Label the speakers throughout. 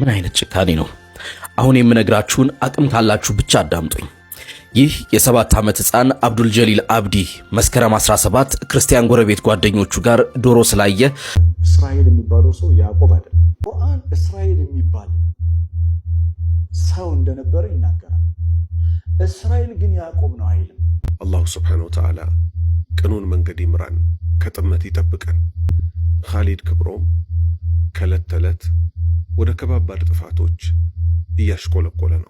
Speaker 1: ምን አይነት ጭካኔ ነው? አሁን የምነግራችሁን አቅም ካላችሁ ብቻ አዳምጡኝ። ይህ የሰባት ዓመት ሕፃን አብዱልጀሊል አብዲ መስከረም 17 ክርስቲያን ጎረቤት ጓደኞቹ ጋር ዶሮ ስላየ
Speaker 2: እስራኤል የሚባለው ሰው ያዕቆብ አይደለም። ቁርአን እስራኤል የሚባል ሰው እንደነበረ ይናገራል። እስራኤል ግን ያዕቆብ ነው አይልም።
Speaker 3: አላሁ ስብሓነሁ ወተዓላ ቅኑን መንገድ ይምራን፣ ከጥመት ይጠብቀን። ኻሊድ ክብሮም ከዕለት ተዕለት ወደ ከባባድ ጥፋቶች እያሽቆለቆለ ነው።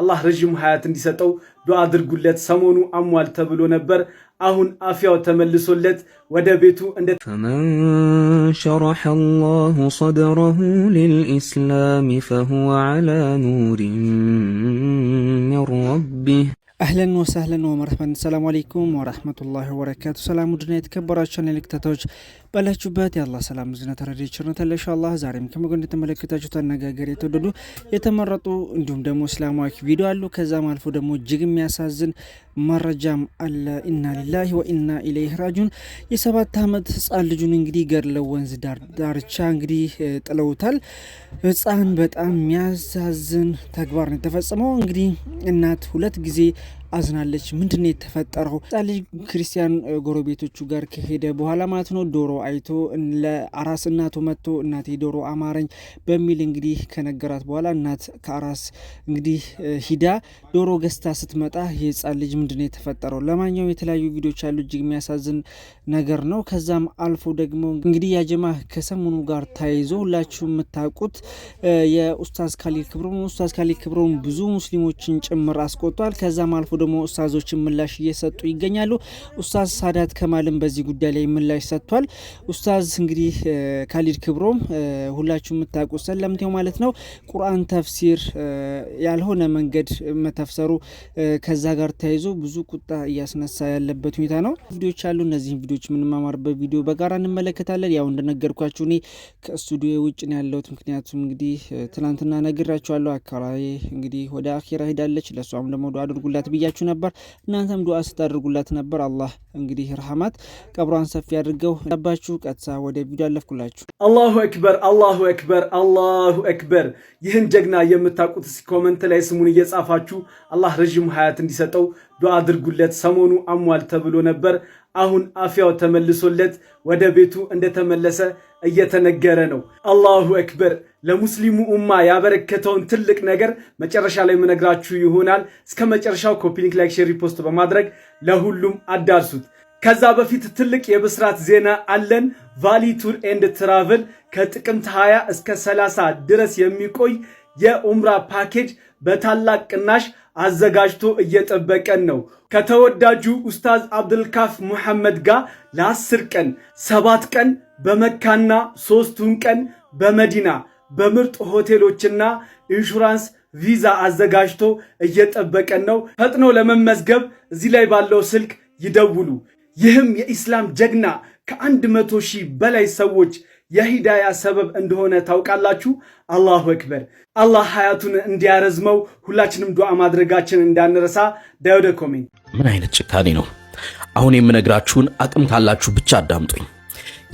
Speaker 4: አላህ ረዥም ሀያት እንዲሰጠው ዱዓ አድርጉለት። ሰሞኑ አሟል ተብሎ ነበር። አሁን አፍያው ተመልሶለት ወደ ቤቱ እንደ
Speaker 5: ፈመን ሸረሐ አላሁ ሰድረሁ ሊልኢስላሚ ፈሁወ ዐላ ኑሪን ሚን ረቢህ
Speaker 1: አህለን ወሳህለን ወመርሐበን ሰላሙ አለይኩም ወራህመቱላሂ ወበረካቱ። ሰላም ውድና የተከበራችሁ ተከታታዮች ባላችሁበት የአላህ ሰላም ዝና ተረዲ ችርነት ለሻ አላህ ዛሬም ከመጎን እንደተመለከታችሁት አነጋገር የተወደዱ የተመረጡ እንዲሁም ደግሞ እስላማዊ ቪዲዮ አሉ። ከዛም አልፎ ደግሞ እጅግ የሚያሳዝን መረጃም አለ። ኢና ሊላሂ ወኢና ኢለይህ ራጁን። የሰባት ዓመት ህፃን ልጁን እንግዲህ ገድለው ወንዝ ዳርቻ እንግዲህ ጥለውታል። ህፃን በጣም የሚያሳዝን ተግባር ነው የተፈጸመው። እንግዲህ እናት ሁለት ጊዜ አዝናለች። ምንድን ነው የተፈጠረው? ህፃን ልጅ ክርስቲያን ጎረቤቶቹ ጋር ከሄደ በኋላ ማለት ነው ዶሮ አይቶ ለአራስ እናቱ መጥቶ እናቴ ዶሮ አማረኝ በሚል እንግዲህ ከነገራት በኋላ እናት ከአራስ እንግዲህ ሂዳ ዶሮ ገዝታ ስትመጣ የህፃን ልጅ ምንድን የተፈጠረው? ለማንኛውም የተለያዩ ቪዲዮች ያሉ እጅግ የሚያሳዝን ነገር ነው። ከዛም አልፎ ደግሞ እንግዲህ ያጀማ ከሰሞኑ ጋር ተያይዞ ሁላችሁ የምታውቁት የኡስታዝ ካሊድ ክብሮም ኡስታዝ ካሊድ ክብሮም ብዙ ሙስሊሞችን ጭምር አስቆጥቷል። ከዛም አልፎ ደግሞ ኡስታዞችን ምላሽ እየሰጡ ይገኛሉ። ኡስታዝ ሳዳት ከማልም በዚህ ጉዳይ ላይ ምላሽ ሰጥቷል። ኡስታዝ እንግዲህ ካሊድ ክብሮም ሁላችሁ የምታውቁት ሰለምቴው ማለት ነው ቁርአን ተፍሲር ያልሆነ መንገድ መተፍሰሩ ከዛ ጋር ተያይዞ ብዙ ቁጣ እያስነሳ ያለበት ሁኔታ ነው። ቪዲዮዎች አሉ። እነዚህን ቪዲዮዎች የምንማማርበት ቪዲዮ በጋራ እንመለከታለን። ያው እንደነገርኳችሁ እኔ ከስቱዲዮ ውጭ ነው ያለሁት። ምክንያቱም እንግዲህ ትናንትና ነግራችኋለሁ። አካባቢ እንግዲህ ወደ አኪራ ሄዳለች። ለእሷም ደግሞ ዱዓ አድርጉላት ብያችሁ ነበር። እናንተም ዱዓ ስታደርጉላት ነበር። አላህ እንግዲህ ረህማት ቀብሯን ሰፊ አድርገው ባችሁ። ቀጥታ ወደ ቪዲዮ አለፍኩላችሁ።
Speaker 4: አላሁ አክበር፣ አላሁ አክበር፣ አላሁ አክበር። ይህን ጀግና የምታውቁት ኮመንት ላይ ስሙን እየጻፋችሁ አላህ ረዥም ሀያት እንዲሰጠው ዱዓ አድርጉለት ሰሞኑ አሟል ተብሎ ነበር። አሁን አፍያው ተመልሶለት ወደ ቤቱ እንደተመለሰ እየተነገረ ነው። አላሁ አክበር። ለሙስሊሙ ኡማ ያበረከተውን ትልቅ ነገር መጨረሻ ላይ የምነግራችሁ ይሆናል። እስከ መጨረሻው ኮፒሊንክ፣ ላይክ፣ ሼር፣ ሪፖስት በማድረግ ለሁሉም አዳርሱት። ከዛ በፊት ትልቅ የብስራት ዜና አለን። ቫሊ ቱር ኤንድ ትራቭል ከጥቅምት 20 እስከ 30 ድረስ የሚቆይ የኡምራ ፓኬጅ በታላቅ ቅናሽ አዘጋጅቶ እየጠበቀን ነው። ከተወዳጁ ኡስታዝ አብዱልካፍ ሙሐመድ ጋር ለአስር ቀን ሰባት ቀን በመካና ሶስቱን ቀን በመዲና በምርጥ ሆቴሎችና ኢንሹራንስ ቪዛ አዘጋጅቶ እየጠበቀን ነው። ፈጥኖ ለመመዝገብ እዚህ ላይ ባለው ስልክ ይደውሉ። ይህም የኢስላም ጀግና ከአንድ መቶ ሺህ በላይ ሰዎች የሂዳያ ሰበብ እንደሆነ ታውቃላችሁ። አላሁ አክበር። አላህ ሀያቱን እንዲያረዝመው ሁላችንም ዱዓ ማድረጋችን እንዳንረሳ። ዳዮደ ምን
Speaker 1: አይነት ጭካኔ ነው? አሁን የምነግራችሁን አቅም ካላችሁ ብቻ አዳምጡኝ።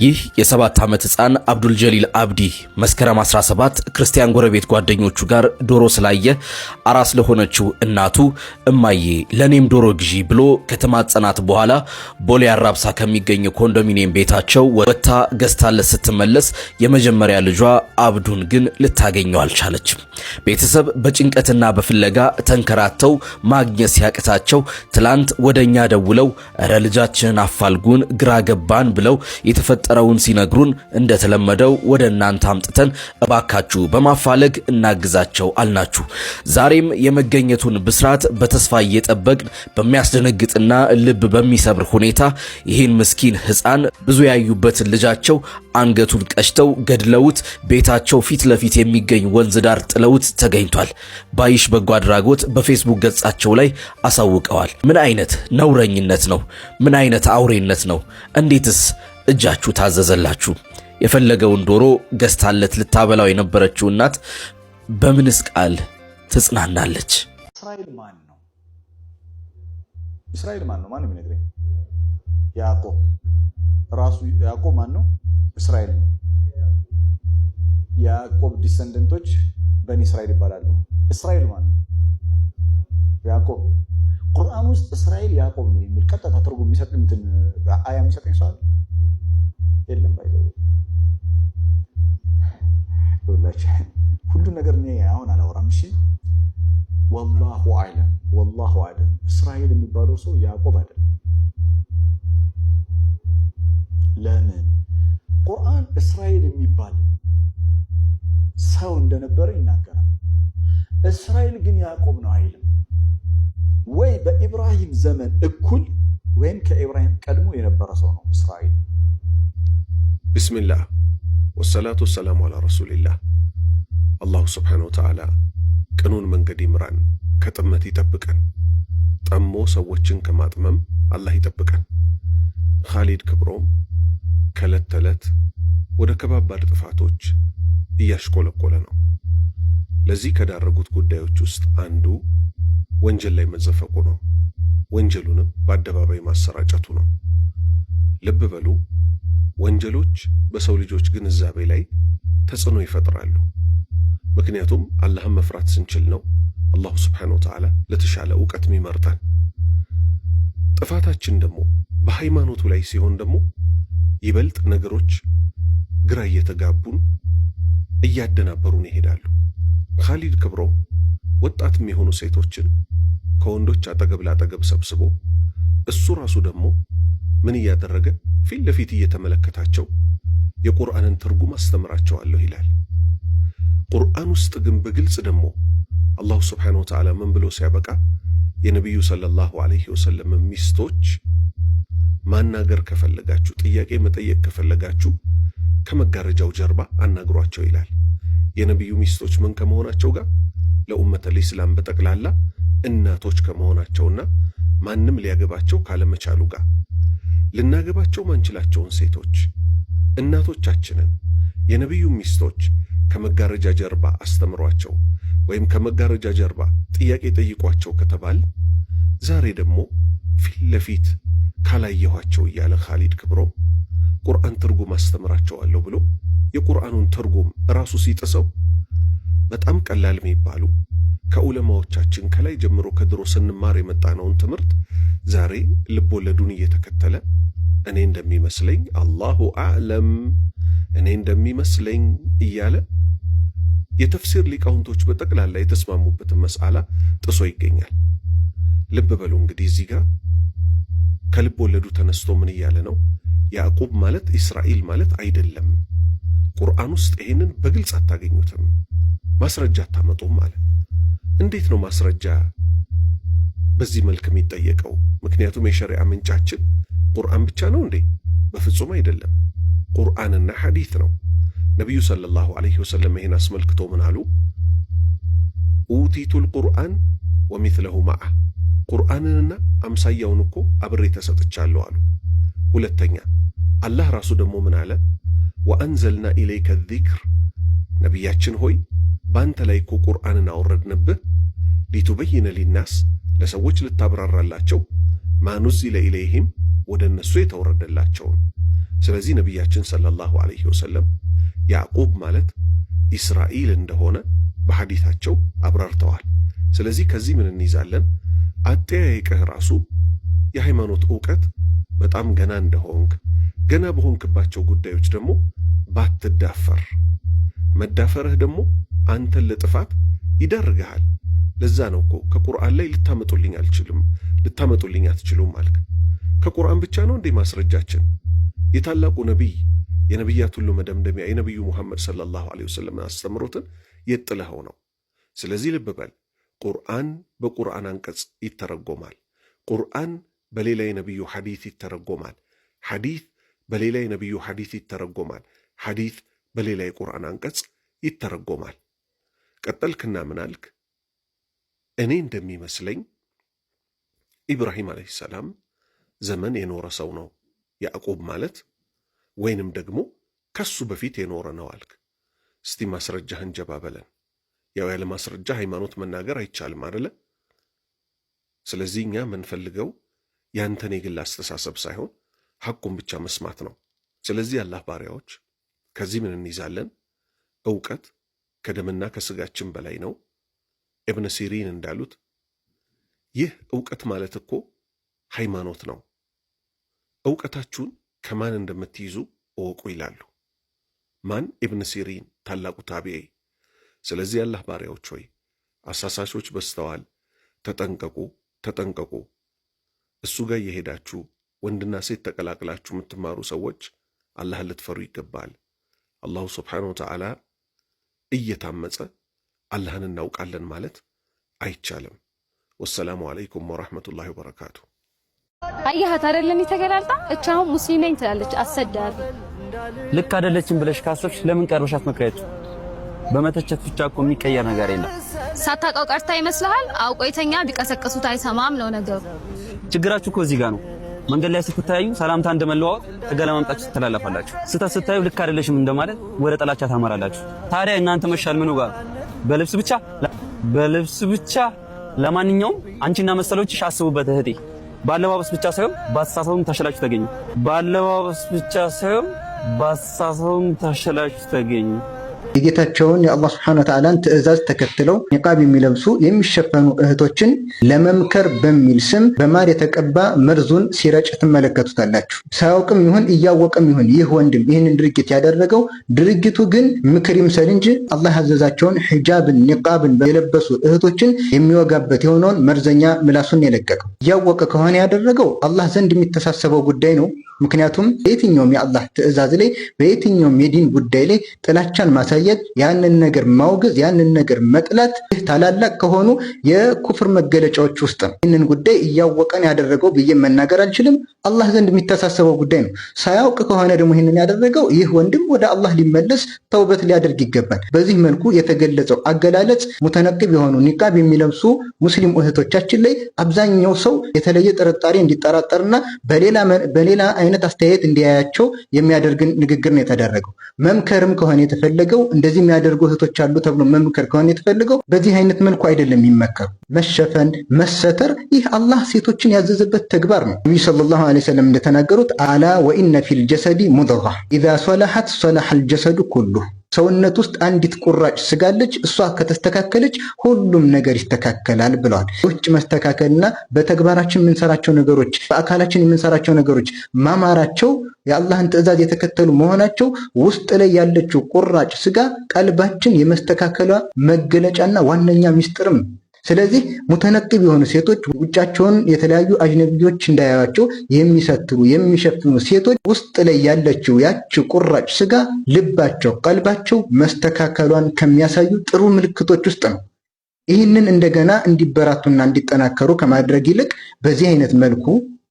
Speaker 1: ይህ የሰባት ዓመት ሕፃን አብዱል ጀሊል አብዲ መስከረም 17 ክርስቲያን ጎረቤት ጓደኞቹ ጋር ዶሮ ስላየ አራስ ለሆነችው እናቱ እማዬ ለእኔም ዶሮ ግዢ ብሎ ከተማጸናት በኋላ ቦሌ አራብሳ ከሚገኘው ኮንዶሚኒየም ቤታቸው ወጥታ ገዝታለት ስትመለስ የመጀመሪያ ልጇ አብዱን ግን ልታገኘው አልቻለችም። ቤተሰብ በጭንቀትና በፍለጋ ተንከራተው ማግኘት ሲያቅታቸው ትላንት ወደ እኛ ደውለው እረ ልጃችንን አፋልጉን ግራ ገባን ብለው የተፈ የተፈጠረውን ሲነግሩን እንደተለመደው ወደ እናንተ አምጥተን እባካችሁ በማፋለግ እናግዛቸው አልናችሁ። ዛሬም የመገኘቱን ብስራት በተስፋ እየጠበቅን በሚያስደነግጥና ልብ በሚሰብር ሁኔታ ይህን ምስኪን ሕፃን ብዙ ያዩበትን ልጃቸው አንገቱን ቀጭተው ገድለውት ቤታቸው ፊት ለፊት የሚገኝ ወንዝ ዳር ጥለውት ተገኝቷል። ባይሽ በጎ አድራጎት በፌስቡክ ገጻቸው ላይ አሳውቀዋል። ምን አይነት ነውረኝነት ነው! ምን አይነት አውሬነት ነው! እንዴትስ እጃችሁ ታዘዘላችሁ። የፈለገውን ዶሮ ገዝታለት ልታበላው የነበረችው እናት በምንስ ቃል ትጽናናለች?
Speaker 2: እስራኤል ማን ነው? እስራኤል ማን ነው? ያዕቆብ ራሱ ያዕቆብ ማን ነው? እስራኤል ነው። ያዕቆብ ዲሰንደንቶች በኒ እስራኤል ይባላሉ። እስራኤል ማን ነው? ያዕቆብ። ቁርአን ውስጥ እስራኤል ያዕቆብ ነው የሚል ቀጥታ ትርጉም የሚሰጥ እንትን አያ የሚሰጠኝ ሰዋል የለም። ባይዘው ሁላችሁ ሁሉ ነገር እኔ አሁን አላወራም። እሺ፣ ወላሁ አለም ወላሁ አለም። እስራኤል የሚባለው ሰው ያዕቆብ አይደለም። ለምን ቁርአን እስራኤል የሚባል ሰው እንደነበረ ይናገራል። እስራኤል ግን ያዕቆብ ነው አይልም ወይ? በኢብራሂም ዘመን እኩል ወይም ከኢብራሂም ቀድሞ የነበረ ሰው ነው እስራኤል።
Speaker 3: ቢስሚላህ ወሰላቱ ወሰላሙ አላ ረሱሊላህ። አላሁ ስብሓነ ወተዓላ ቅኑን መንገድ ይምራን፣ ከጥመት ይጠብቀን። ጠሞ ሰዎችን ከማጥመም አላህ ይጠብቀን። ኻሊድ ክብሮም ከዕለት ተዕለት ወደ ከባባድ ጥፋቶች እያሽቆለቆለ ነው። ለዚህ ከዳረጉት ጉዳዮች ውስጥ አንዱ ወንጀል ላይ መዘፈቁ ነው። ወንጀሉንም በአደባባይ ማሰራጨቱ ነው። ልብ በሉ፣ ወንጀሎች በሰው ልጆች ግንዛቤ ላይ ተጽዕኖ ይፈጥራሉ። ምክንያቱም አላህን መፍራት ስንችል ነው አላሁ ስብሓነ ወተዓላ ለተሻለ እውቀት ይመርጠን። ጥፋታችን ደግሞ በሃይማኖቱ ላይ ሲሆን ደግሞ ይበልጥ ነገሮች ግራ እየተጋቡን እያደናበሩን ይሄዳሉ። ካሊድ ክብሮ ወጣት የሚሆኑ ሴቶችን ከወንዶች አጠገብ ላጠገብ ሰብስቦ እሱ ራሱ ደግሞ ምን እያደረገ ፊት ለፊት እየተመለከታቸው የቁርአንን ትርጉም አስተምራቸዋለሁ ይላል። ቁርአን ውስጥ ግን በግልጽ ደግሞ አላሁ ስብሓነሁ ወተዓላ ምን ብሎ ሲያበቃ የነቢዩ ሰለላሁ ዐለይሂ ወሰለም ሚስቶች ማናገር ከፈለጋችሁ፣ ጥያቄ መጠየቅ ከፈለጋችሁ ከመጋረጃው ጀርባ አናግሯቸው ይላል። የነቢዩ ሚስቶች ምን ከመሆናቸው ጋር ለኡመተ ኢስላም በጠቅላላ እናቶች ከመሆናቸውና ማንም ሊያገባቸው ካለመቻሉ ጋር ልናገባቸው ማንችላቸውን ሴቶች እናቶቻችንን የነቢዩ ሚስቶች ከመጋረጃ ጀርባ አስተምሯቸው ወይም ከመጋረጃ ጀርባ ጥያቄ ጠይቋቸው ከተባል ዛሬ ደግሞ ፊት ለፊት ካላየኋቸው እያለ ካሊድ ክብሮ ቁርአን ትርጉም አስተምራቸዋለሁ ብሎ የቁርአኑን ትርጉም ራሱ ሲጥሰው በጣም ቀላል የሚባሉ ከዑለማዎቻችን ከላይ ጀምሮ ከድሮ ስንማር የመጣነውን ትምህርት ዛሬ ልቦለዱን እየተከተለ እኔ እንደሚመስለኝ አላሁ አዕለም እኔ እንደሚመስለኝ እያለ የተፍሲር ሊቃውንቶች በጠቅላላ የተስማሙበትን መስአላ ጥሶ ይገኛል። ልብ በሉ እንግዲህ እዚህ ጋር ከልብ ወለዱ ተነስቶ ምን እያለ ነው? ያዕቁብ ማለት ኢስራኤል ማለት አይደለም። ቁርአን ውስጥ ይሄንን በግልጽ አታገኙትም። ማስረጃ አታመጡም አለ። እንዴት ነው ማስረጃ በዚህ መልክ የሚጠየቀው? ምክንያቱም የሸሪዓ ምንጫችን ቁርአን ብቻ ነው እንዴ? በፍጹም አይደለም። ቁርአንና ሐዲት ነው። ነቢዩ ሰለላሁ ዐለይሂ ወሰለም ይህን አስመልክቶ ምን አሉ? ኡቲቱል ቁርአን ወሚትለሁ ማዓ ቁርአንንና አምሳያውን እኮ አብሬ ተሰጥቻለሁ አሉ። ሁለተኛ አላህ ራሱ ደግሞ ምን አለ? ወአንዘልና ኢለይከ ዚክር ነቢያችን ሆይ በአንተ ላይ እኮ ቁርአንን አወረድንብህ ሊቱበይነ ሊናስ ለሰዎች ልታብራራላቸው ማኑዚለ ኢለይህም ወደ እነሱ የተወረደላቸውን። ስለዚህ ነቢያችን ሰለላሁ ዐለይሂ ወሰለም ያዕቁብ ማለት ኢስራኤል እንደሆነ በሐዲታቸው አብራርተዋል። ስለዚህ ከዚህ ምን እንይዛለን? አጠያየቅህ ራሱ የሃይማኖት እውቀት በጣም ገና እንደሆንክ ገና በሆንክባቸው ጉዳዮች ደግሞ ባትዳፈር፣ መዳፈርህ ደግሞ አንተን ለጥፋት ይዳርግሃል። ለዛ ነው እኮ ከቁርአን ላይ ልታመጡልኝ አልችልም ልታመጡልኝ አትችሉም አልክ። ከቁርአን ብቻ ነው እንዴ ማስረጃችን? የታላቁ ነቢይ የነቢያት ሁሉ መደምደሚያ የነቢዩ ሙሐመድ ሰለላሁ ዐለይሂ ወሰለም አስተምሮትን የጥለኸው ነው። ስለዚህ ልብ በል። ቁርአን በቁርአን አንቀጽ ይተረጎማል። ቁርአን በሌላ የነቢዩ ሐዲት ይተረጎማል። ሐዲት በሌላ የነቢዩ ሐዲት ይተረጎማል። ሐዲት በሌላ የቁርአን አንቀጽ ይተረጎማል። ቀጠልክና ምናልክ እኔ እንደሚመስለኝ ኢብራሂም ዓለይሂ ሰላም ዘመን የኖረ ሰው ነው ያዕቁብ ማለት ወይንም ደግሞ ከሱ በፊት የኖረ ነው አልክ። እስቲ ማስረጃህን ጀባ በለን። ያው ያለ ማስረጃ ሃይማኖት መናገር አይቻልም አደለ? ስለዚህ እኛ የምንፈልገው ያንተን የግል አስተሳሰብ ሳይሆን ሐቁን ብቻ መስማት ነው። ስለዚህ አላህ ባሪያዎች ከዚህ ምን እንይዛለን? እውቀት ከደምና ከስጋችን በላይ ነው። እብነ ሲሪን እንዳሉት ይህ እውቀት ማለት እኮ ሃይማኖት ነው። እውቀታችሁን ከማን እንደምትይዙ እወቁ ይላሉ። ማን? ኢብን ሲሪን ታላቁ ታቢዒ ስለዚህ ያላህ ባሪያዎች ሆይ አሳሳሾች በስተዋል ተጠንቀቁ፣ ተጠንቀቁ። እሱ ጋር የሄዳችሁ ወንድና ሴት ተቀላቅላችሁ የምትማሩ ሰዎች አላህን ልትፈሩ ይገባል። አላሁ ስብሓነሁ ወተዓላ እየታመጸ አላህን እናውቃለን ማለት አይቻልም። ወሰላሙ አለይኩም ወረሕመቱላሂ ወበረካቱ።
Speaker 6: አየሃት አይደለም ተገላልጣ እች አሁን ሙስሊም ነኝ ትላለች። አሰዳቢ
Speaker 7: ልክ አይደለችም ብለሽ ካሰብሽ ለምን ቀርበሻት መክሪያቸው በመተቸት ብቻ እኮ የሚቀየር ነገር የለም።
Speaker 6: ሳታውቀው ቀርታ ይመስልሃል? አውቆ የተኛ ቢቀሰቀሱት አይሰማም ነው ነገሩ።
Speaker 7: ችግራችሁ እኮ እዚህ ጋር ነው። መንገድ ላይ ስትታዩ ሰላምታ እንደመለዋወጥ ተገለማምጣችሁ ትተላለፋላችሁ። ስህተት ስታዩ ልክ አይደለሽም እንደማለት ወደ ጥላቻ ታመራላችሁ። ታዲያ እናንተ መሻል ምኑ ጋር በልብስ ብቻ በልብስ ብቻ። ለማንኛውም አንቺና መሰሎችሽ አስቡበት እህቴ። ባለባበስ ብቻ ሳይሆን ባስተሳሰብም ታሸላችሁ ተገኙ። ባለባበስ ብቻ ሳይሆን ባስተሳሰብም ተሸላችሁ ተገኙ።
Speaker 8: የጌታቸውን የአላህ ስብሐነ ወተዓላን ትዕዛዝ ተከትለው ኒቃብ የሚለብሱ የሚሸፈኑ እህቶችን ለመምከር በሚል ስም በማር የተቀባ መርዙን ሲረጭ ትመለከቱታላችሁ። ሳያውቅም ይሁን እያወቅም ይሁን ይህ ወንድም ይህንን ድርጊት ያደረገው ድርጊቱ ግን ምክር ይምሰል እንጂ አላህ ያዘዛቸውን ሒጃብን ኒቃብን የለበሱ እህቶችን የሚወጋበት የሆነውን መርዘኛ ምላሱን የለቀቀው እያወቀ ከሆነ ያደረገው አላህ ዘንድ የሚተሳሰበው ጉዳይ ነው። ምክንያቱም በየትኛውም የአላህ ትዕዛዝ ላይ በየትኛውም የዲን ጉዳይ ላይ ጥላቻን ማሳየት፣ ያንን ነገር ማውገዝ፣ ያንን ነገር መጥላት ይህ ታላላቅ ከሆኑ የኩፍር መገለጫዎች ውስጥ ነው። ይህንን ጉዳይ እያወቀን ያደረገው ብዬ መናገር አልችልም። አላህ ዘንድ የሚተሳሰበው ጉዳይ ነው። ሳያውቅ ከሆነ ደግሞ ይህንን ያደረገው ይህ ወንድም ወደ አላህ ሊመለስ ተውበት ሊያደርግ ይገባል። በዚህ መልኩ የተገለጸው አገላለጽ ሙተነቅብ የሆኑ ኒቃብ የሚለብሱ ሙስሊም እህቶቻችን ላይ አብዛኛው ሰው የተለየ ጥርጣሬ እንዲጠራጠርና በሌላ አይነት አስተያየት እንዲያያቸው የሚያደርግ ንግግር ነው የተደረገው። መምከርም ከሆነ የተፈለገው እንደዚህ የሚያደርጉ እህቶች አሉ ተብሎ መምከር ከሆነ የተፈለገው በዚህ አይነት መልኩ አይደለም የሚመከሩ። መሸፈን፣ መሰተር ይህ አላህ ሴቶችን ያዘዘበት ተግባር ነው። ነቢዩ ሰለላሁ ዐለይሂ ወሰለም እንደተናገሩት አላ ወኢነ ፊል ጀሰዲ ሙድጋ ኢዛ ሶለሐት ሶላሐ ጀሰዱ ኩሉ ሰውነት ውስጥ አንዲት ቁራጭ ስጋለች። እሷ ከተስተካከለች ሁሉም ነገር ይስተካከላል ብለዋል። ውጭ መስተካከልና በተግባራችን የምንሰራቸው ነገሮች፣ በአካላችን የምንሰራቸው ነገሮች ማማራቸው የአላህን ትዕዛዝ የተከተሉ መሆናቸው ውስጥ ላይ ያለችው ቁራጭ ስጋ ቀልባችን የመስተካከሏ መገለጫና ዋነኛ ሚስጥርም ስለዚህ ሙተነቅብ የሆኑ ሴቶች ውጫቸውን የተለያዩ አጅነቢዎች እንዳያዩቸው የሚሰትሩ የሚሸፍኑ ሴቶች ውስጥ ላይ ያለችው ያች ቁራጭ ስጋ ልባቸው፣ ቀልባቸው መስተካከሏን ከሚያሳዩ ጥሩ ምልክቶች ውስጥ ነው። ይህንን እንደገና እንዲበራቱና እንዲጠናከሩ ከማድረግ ይልቅ በዚህ አይነት መልኩ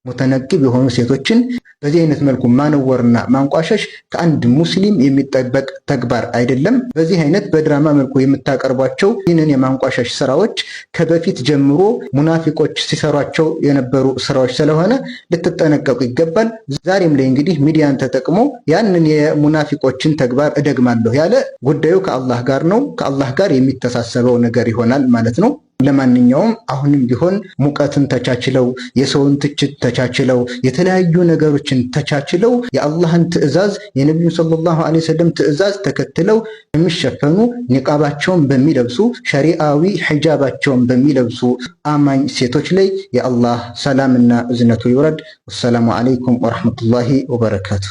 Speaker 8: ሙተነቅብ የሆኑ ሴቶችን በዚህ አይነት መልኩ ማነወርና ማንቋሸሽ ከአንድ ሙስሊም የሚጠበቅ ተግባር አይደለም። በዚህ አይነት በድራማ መልኩ የምታቀርቧቸው ይህንን የማንቋሸሽ ስራዎች ከበፊት ጀምሮ ሙናፊቆች ሲሰሯቸው የነበሩ ስራዎች ስለሆነ ልትጠነቀቁ ይገባል። ዛሬም ላይ እንግዲህ ሚዲያን ተጠቅሞ ያንን የሙናፊቆችን ተግባር እደግማለሁ ያለ ጉዳዩ ከአላህ ጋር ነው፣ ከአላህ ጋር የሚተሳሰበው ነገር ይሆናል ማለት ነው። ለማንኛውም አሁንም ቢሆን ሙቀትን ተቻችለው የሰውን ትችት ተቻችለው የተለያዩ ነገሮችን ተቻችለው የአላህን ትዕዛዝ የነቢዩ ሰለላሁ ዐለይሂ ወሰለም ትዕዛዝ ተከትለው የሚሸፈኑ ኒቃባቸውን በሚለብሱ ሸሪአዊ ሒጃባቸውን በሚለብሱ አማኝ ሴቶች ላይ የአላህ ሰላምና እዝነቱ ይውረድ። ወሰላሙ ዐለይኩም ወረሕመቱላሂ ወበረካቱ።